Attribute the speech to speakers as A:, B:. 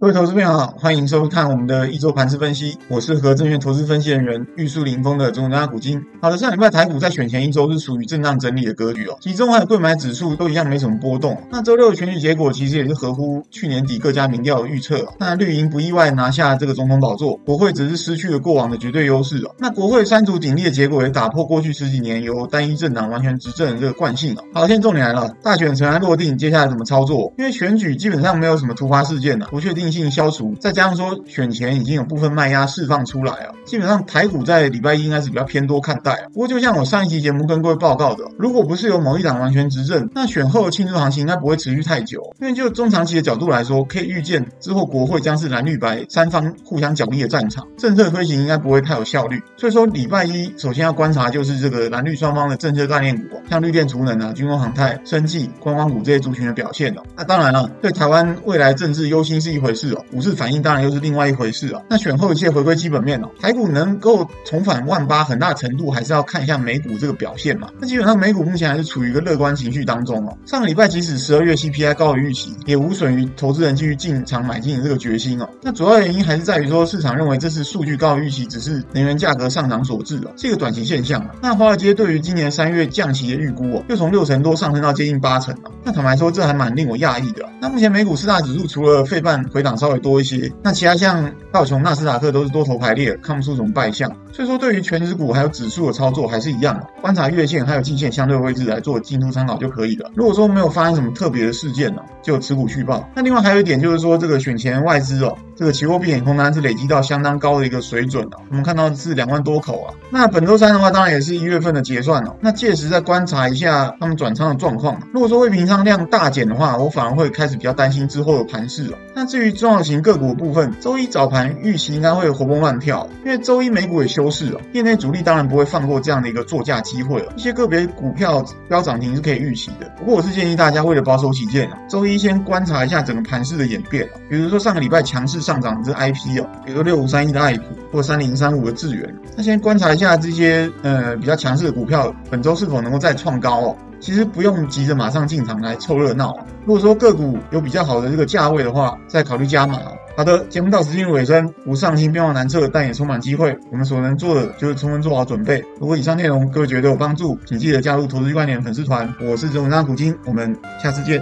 A: 各位投資朋友好，歡迎收看我們的一周盤勢分析。我是和證券投資分析人員玉樹臨風的鍾家古今。好的，上禮拜台股在選前一周是屬於震盪整理的格局哦，其中還有櫃買指數都一樣沒什麼波動。那周六的選舉結果其實也是合乎去年底各家民調的預測哦。那綠營不意外拿下這個總統寶座，國會只是失去了過往的絕對優勢哦。那國會三足鼎立的結果也打破過去十幾年由單一政黨完全執政的這個慣性哦。好，現在重點來了，大選塵埃落定，接下來怎麼操作？因為選舉基本上沒有什麼突發事件呢、啊，不確定。性消除，再加上說選前已經有部分賣壓釋放出來了、哦，基本上台股在禮拜一應該是比較偏多看待、哦。不過就像我上一集節目跟各位報告的，如果不是由某一黨完全執政，那選後的慶祝行情應該不會持續太久。因為就中長期的角度來說，可以預見之後國會將是藍綠白三方互相角力的戰場，政策推行應該不會太有效率。所以說禮拜一首先要觀察就是這個藍綠雙方的政策概念股，像綠電、儲能啊、軍工、航太、生技、觀光股這些族群的表現哦。那、啊、當然了、啊，對台灣未來政治憂心是一回事。是哦，股市反應當然又是另外一回事啊、哦。那選後一切回歸基本面哦，台股能夠重返萬八，很大程度還是要看一下美股這個表現嘛。那基本上美股目前還是處於一個樂觀情緒當中哦。上個禮拜即使十二月 CPI 高於預期，也無損於投資人繼續進場買進的這個決心哦。那主要原因還是在於說市場認為這次數據高於預期，只是能源價格上漲所致哦，是一個短期現象嘛。那華爾街對於今年三月降息的預估哦，又從六成多上升到接近八成哦。那坦白說，這還蠻令我訝異的、啊。那目前美股四大指數除了費半回檔稍微多一些，那其他像道瓊、納斯達克都是多頭排列，看不出什麼敗相。所以說，對於全指股還有指數的操作還是一樣、啊，觀察月線還有季線相對位置來做進出參考就可以了。如果說沒有發生什麼特別的事件呢、啊，就持股續抱。那另外還有一點就是說，這個選前外資哦。這個期貨避險空單是累積到相當高的一個水準哦，我們看到是兩萬多口啊。那本周三的話，當然也是一月份的結算哦。那屆時再觀察一下他們轉倉的狀況。如果說未平倉量大減的話，我反而會開始比較擔心之後的盤勢哦。那至於中小型個股的部分，周一早盤預期應該會活蹦亂跳，因為周一美股也休市了，業內主力當然不會放過這樣的一個作價機會了。一些個別股票飆漲停是可以預期的，不過我是建議大家為了保守起見啊，周一先觀察一下整個盤勢的演變。比如說上個禮拜強勢上漲的這 I P 哦，比如六五三一的愛普或三零三五的智原，那先觀察一下這些嗯、呃、比較強勢的股票本周是否能夠再創高。其實不用急着馬上進場來湊熱鬧，啊。如果說個股有比較好的這個價位的話，再考慮加碼，啊。好的，節目到此進入尾聲，無上行變化難測，但也充滿機會。我們所能做的就是充分做好準備。如果以上內容各位覺得有幫助，請記得加入投資 Ｇ 觀點粉絲團。我是周文山股晶，我們下次見。